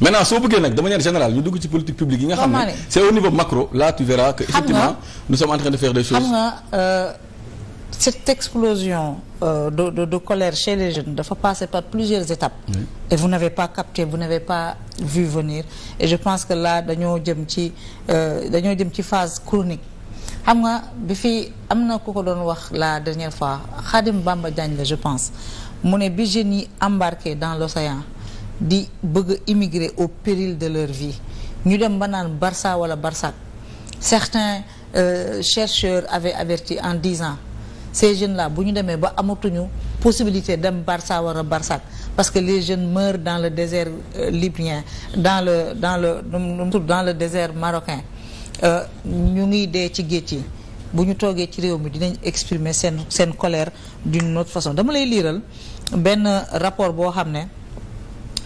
maintenant soo bëggee nag de manière générale ñu dugg ci politique publique yi nga xam ne c'est au niveau macro là tu verras que effectivement nous sommes en train de faire des choses xam nga euh, cette explosion euh, colère chez les jeunes dafa passer par plusieurs étapes oui. et vous n'avez pas capté vous n'avez pas vu venir et je pense que la dañoo jëm ci euh, dañoo jëm ci phase chronique xam nga bi fi am na ku ko doon wax la dernière fois Khadim Bamba Diagne la je pense mu ne bi jeunes yi embarqué dans l'océan di bëgg immigrer au péril de leur vie ñu dem ba naan Barça wala Barça certains euh, chercheurs avaient averti en dix disant ces jeunes là bu ñu demee ba amatuñu possibilité dem Barça wala Barça parce que les jeunes meurent dans le désert euh, libyen dans le dans le dans le désert marocain euh, ñu ngi dee ci géej yi bu ñu toogee ci réew mi dinañ exprimer seen seen colère d'une autre façon dama lay liiral benn rapport boo xam ne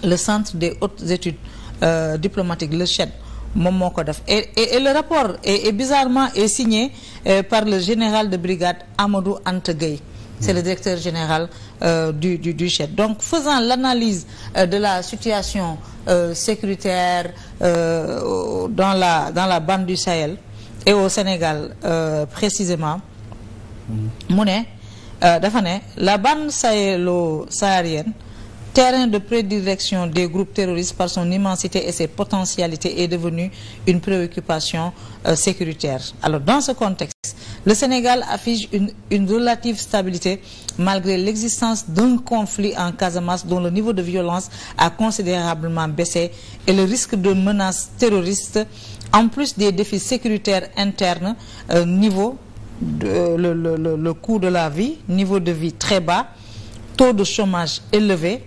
le centre des hautes études euh, diplomatiques le CHED moom moo ko def et et le rapport est, est bizarrement signé euh, par le général de brigade Amadou Anta Gueye c'est le directeur général euh, du du du CHED donc faisant l'analyse euh, de la situation euh, sécuritaire dans la dans la bande du Sahel et au Sénégal précisément mm-hmm. mu ne dafa ne la bande sahélo-saharienne terrain de prédilection des groupes terroristes par son immensité et ses potentialités est devenu une préoccupation euh, sécuritaire. Alors, dans ce contexte, le Sénégal affiche une, une relative stabilité malgré l'existence d'un conflit en Casamance dont le niveau de violence a considérablement baissé et le risque de menaces terroristes, en plus des défis sécuritaires internes, euh, euh, le, le, le, le coût de la vie, niveau de vie très bas, taux de chômage élevé,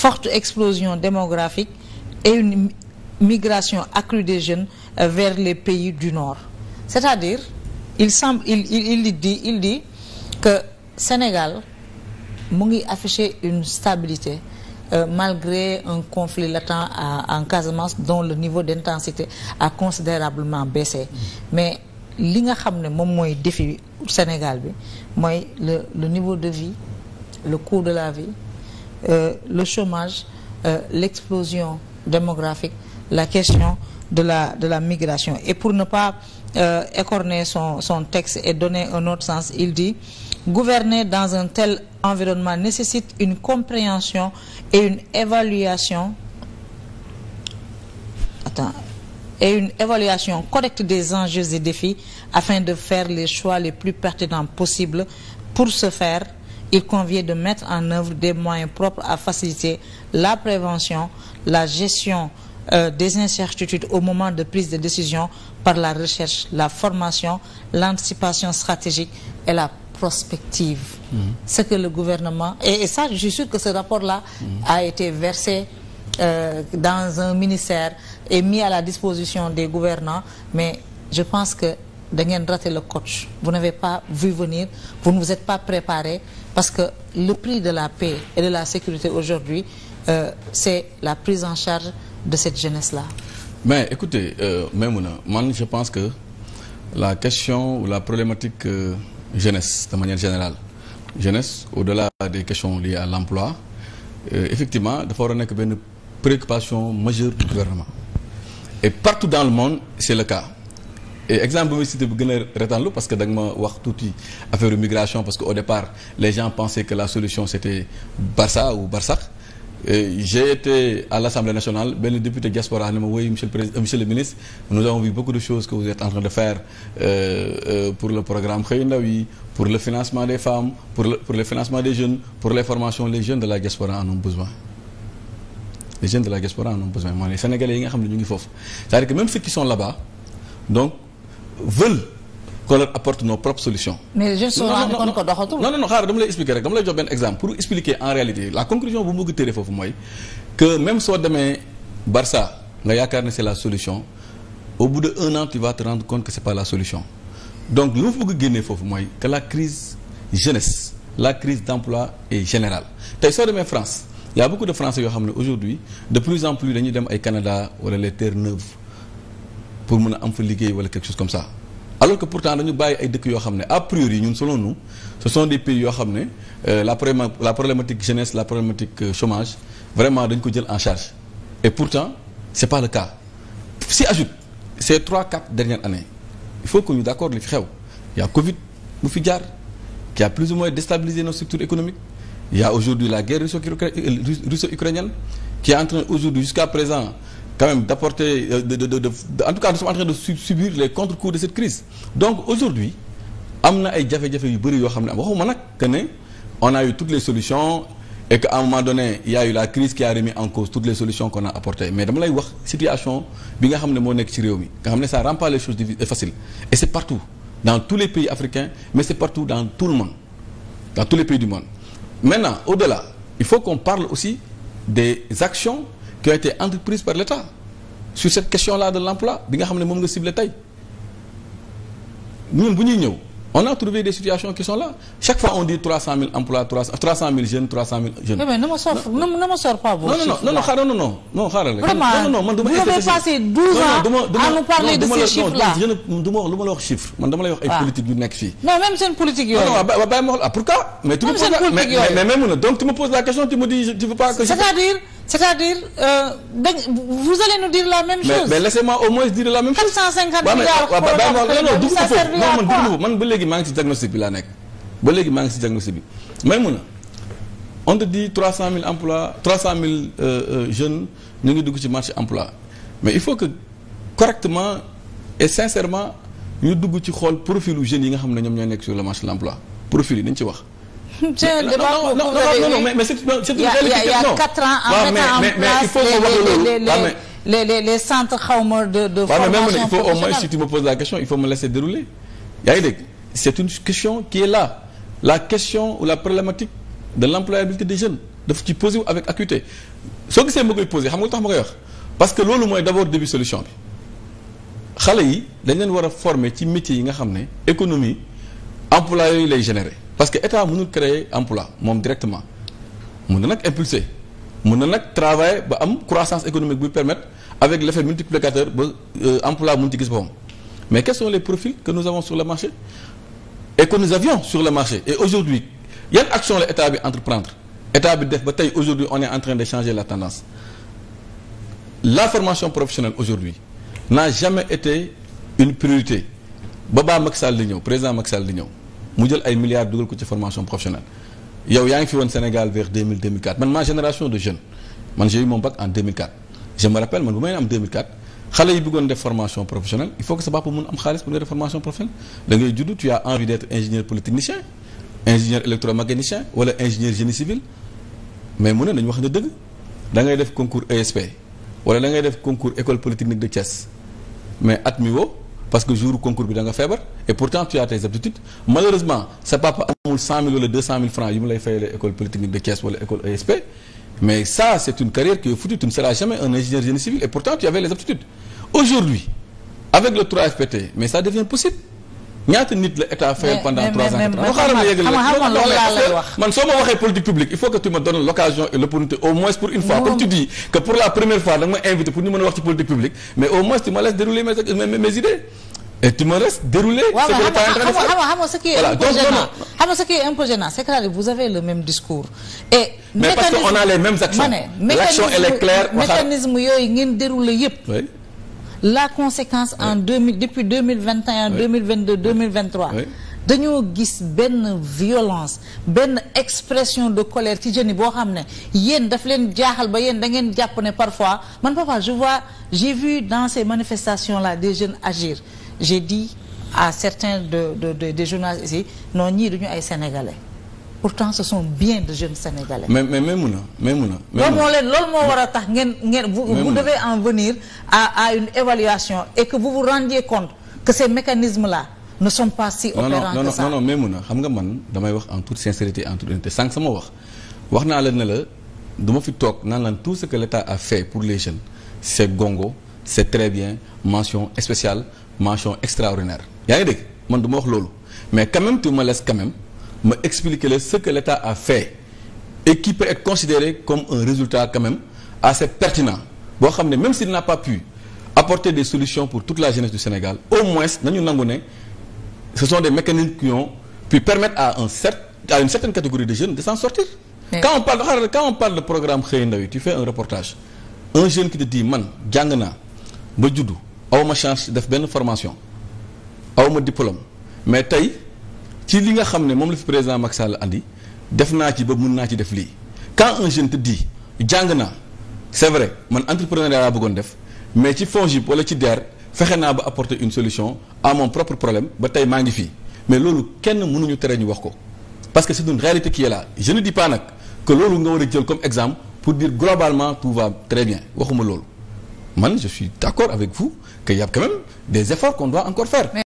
forte explosion démographique et une migration accrue des jeunes euh, vers les pays du Nord. C'est-à-dire, il semble, il, il, dit, que Sénégal mu ngi affiché une stabilité euh, malgré un conflit latent à, en Casamance dont le niveau d'intensité a considérablement baissé. Mm. Mais li nga xam ne moom mooy défi Sénégal bi mooy le le niveau de vie le coût de la vie Euh, le chômage euh, l'explosion démographique la question de la de la migration et pour ne pas euh, écorner son son texte et donner un autre sens il dit gouverner dans un tel environnement nécessite une compréhension et une évaluation attends et une évaluation correcte des enjeux et défis afin de faire les choix les plus pertinents possibles pour se faire il convient de mettre en œuvre des moyens propres à faciliter la prévention, la gestion euh, des incertitudes au moment de prise de décision par la recherche, la formation, l'anticipation stratégique et la prospective. Mm -hmm. Ce que le gouvernement... Et, et, ça, je suis sûr que ce rapport-là mm -hmm. a été versé euh, dans un ministère et mis à la disposition des gouvernants, mais je pense que da ngeen raté le coach vous n'avez pas vu venir vous ne vous êtes pas préparé parce que le prix de la paix et de la sécurité aujourd'hui euh, c'est la prise en charge de cette jeunesse-là. Mais écoutez euh, Maimouna man je pense que la question ou la problématique euh, jeunesse de manière générale jeunesse au-delà des questions liées à l'emploi euh, effectivement dafa war a nekk benn préoccupation majeure du gouvernement et partout dans le monde c'est le cas. et exemple bu may cité bu gën a retanlu parce que da nga ma wax tuuti affaire migration parce que au départ les gens pensaient que la solution c'était Barça ou Barsax j'ai à l'Assemblée nationale benn député diaspora ne ma woy monsieur le président euh, monsieur le ministre nous beaucoup de choses que vous êtes en train de faire euh, euh, pour le programme Xëyu Ndaw yi pour le financement des femmes pour le, pour le financement des jeunes pour les formations les jeunes de la diaspora en ont besoin les jeunes ne ñu ngi foofu veulent qu'on leur apporte nos propres solutions. mais je ko doxatul. non non non xaaral dama lay expliquer rek dama lay jox benn exemple pour expliquer en réalité la conclusion bu mu ngi tëree foofu mooy que même soo demee Barça nga yaakaar ne c'est la solution au bout de un an tu vas te rendre compte que c'est pas la solution donc lu ma fa bëgg génnee foofu mooy que la crise jeunesse la crise d'emploi est générale tey soo demee France y a beaucoup de Français yoo xam ne aujourd'hui de plus en plus dañuy dem ay Canada wala les terres neuves. pour mën a am fa liggéey wala quelque chose comme ça alors que pourtant dañu bàyyi ay dëkk yoo xam ne a priori ñun selon nous ce sont des pays yoo xam ne euh, la problème la problématique jeunesse la problématique euh, chômage vraiment dañ ko jël en charge et pourtant c'est pas le cas si ajoute ces trois quatre dernières années il faut que ñu d'accord li fi xew y a Covid bu fi jaar qui a plus ou moins déstabilisé nos structures économiques il a aujourd'hui la guerre russo-ukrainienne qui est en quand même d'apporter euh, de, de, de, en tout cas nous sommes en train de subir les contre-coups de cette crise donc aujourd'hui am na ay jafe-jafe yu bëri yoo xam ne am waxuma nag que ne on a eu toutes les solutions et qu'à un moment donné il y a eu la crise qui a remis en cause toutes solutions qu'on a apportées mais dama lay wax situation bi nga xam ne moo nekk ci réew mi nga xam ne ça rend pas les choses faciles et c'est partout dans tous les pays africains mais c'est le monde dans tous les pays du monde maintenant au-delà il faut qu'on aussi des actions qui a été entreprise par l'État sur cette question-là de l'emploi bi nga xam ne moom nga ciblé tey ñun bu ñuy ñëw on a trouvé des situations qui sont là chaque fois on dit 300 000 emplois 300 000 jeunes 300 000 jeunes. mais ne me sors ne me sors pas. non non non xaaral non non non xaaral. vraiment non man dama vous avez passé 12 ans à nous parler de ces chiffres-là non du ma la du ma la wax chiffre man dama lay wax ay ah. politique yu nekk fii. non même seen politique yooyu. non non bàyyi ma wax ah pourquoi. mais tu me poses la mais mais mais donc tu me poses la question tu me dis je tu veux pas que. c'est-à-dire. c'est-à-dire euh, vous allez nous dire la même chose. mais mais laissez au moins dire la même chose. 450 milliards waaw ah, ah, mais non dugg nga foofu non man ba léegi maa ngi ci diagnostic bi laa nekk ba léegi maa ngi ci diagnostic bi may mun a on te dit 300000 emplois 300000 jeunes ñu ngi dugg ci marché emploi mais il faut que correctement et sincèrement ñu dugg ci xool profilu jeunes yi nga xam ne ñoom ñoo nekk sur le marché de l'emploi profil yi dañ ci wax. c'est un débat non non non non mais c'est c'est une réalité il y a quatre ans en mettant en place les les les centres xawma de de formation il faut au moins si tu me poses la question il faut me laisser dérouler yaa ngi dégg c'est une question qui est là la question ou la problématique de l'employabilité des jeunes daf ci posé wu avec acuité soo gisee ma koy posé xam nga tax ma koy wax parce que loolu mooy d'abord début solution bi xale yi dañ leen war a former ci métiers yi nga xam ne économie emploi yooyu lay générer parce que état nu créer emploi moom directement mën na nag impulser mën na nag travailler ba am croissance économique buy permettre avec l'effet multiplicateur ba euh, emploi mën ci gis boppam mais quels sont les profils que nous avons sur le marché et que nous avions sur le marché et aujourd'hui yan action la état bi entreprendre état bi def ba tey aujourd'hui on est en de changer la tendance la formation professionnelle aujourd'hui n'a jamais été une priorité ba baa Macky Sall ñëw président Macky di ñëw mu jël ay milliards dugal ko ci formation professionnelle yow yaa ngi fi woon Sénégal vers 2000 2004 man ma génération de jeunes man j'ai eu mon bac en 2004 je rappelle man bu may am xale yi bëggoon def formation professionnelle il faut que sa papa mun am xaalis pour nga def formation professionnelle da ngay judd tu as envie d'être ingénieur polytechnicien ingénieur électromécanicien wala ingénieur génie civil mais mu ne nañu wax ne dëgg da ngay def concours ESP wala da ngay def concours école polytechnique de Thiès mais at mi parce que jour concours bi da feebar et pourtant tu as tes aptitudes malheureusement sa papa amul wala francs yu mu lay fayalee école polytechnique de Thiès wala école ESP mais ça c'est une carrière qui est foutue tu ne seras jamais un ingénieur génie et pourtant tu avais les aptitudes aujourd'hui avec le 3FPT mais ça devient possible ñaata nit la état fayal pendant trois ans quatre xaaral ma yeggal la man soo ma waxee politique publique il faut que tu me donnes l'occasion et l'opportunité au moins pour une fois comme tu dis que pour la première fois da ma invité pour ñu mën wax ci politique publique mais au moins tu me laisses dérouler mes mes idées que tu es en train de faire xam nga ce qui est c'est que vous avez le même mais parce qu'on a les mêmes actions l'action la conséquence en deux mille depuis deux mille vingt et un deux mille vingt deux dañoo gis benn violence benn expression de colère ci jeunes yi boo xam ne yéen daf leen jaaxal ba yéen da ngeen jàpp ne parfois man papa je vois j'ai vu dans ces manifestations la des jeunes agir j'ai di à certains de de de des journalistes ici non ñii duñu ay sénégalais. pourtant ce sont bien de jeunes sénégalais. mais mais mais mun na mais mun na. loolu moo leen loolu moo war a tax ngeen ngeen. vous vous devez en venir à à une évaluation et que vous vous rendiez compte que ces mécanismes là. ne sont pas si opérants que ça non non non mais mun na xam nga man damay wax en toute sincérité en toute honnêteté sànq sama wax wax naa la ne la du ma fi toog naan lan tout ce que l'État a fait pour les jeunes c'est gongo c'est très bien mention spéciale mention extraordinaire yaa ngi dégg man du ma wax loolu mais quand même tu me laisses quand même ma explique leen ce que l'État a fait et considéré comme un résultat quand même assez pertinent boo xam ne même s'il n'a pas pu apporter des solutions pour toute la jeunesse du Sénégal au moins nañu nangu ne ce sont des mécanismes qui ont permettre à un certain à certaine catégorie de jeunes de s'en sortir Mais... quand on parle quand on parle de programme xëy ndaw yi tu un reportage un jeune qui man jàng naa ba juddu awma chance def benn formation awma diplôme ci li nga xam ne moom la fi président Macky Sall andi def naa ci ba mun naa ci def lii quand en jeune te dit jàng naa c'est vrai man entrepreneuriat laa bëggoon def mais ci FONGIP wala ci DER fexe naa ba apporter une solution à mon propre problème ba tey maa ngi fii mais loolu kenn mënuñu tere ñu wax ko parce que c'est une réalité qui est là je ne dis pas nag que loolu nga war a jël comme exemple pour dire globalement tout va très bien waxuma loolu m je suis d'accord avec y a des efforts qu'on doit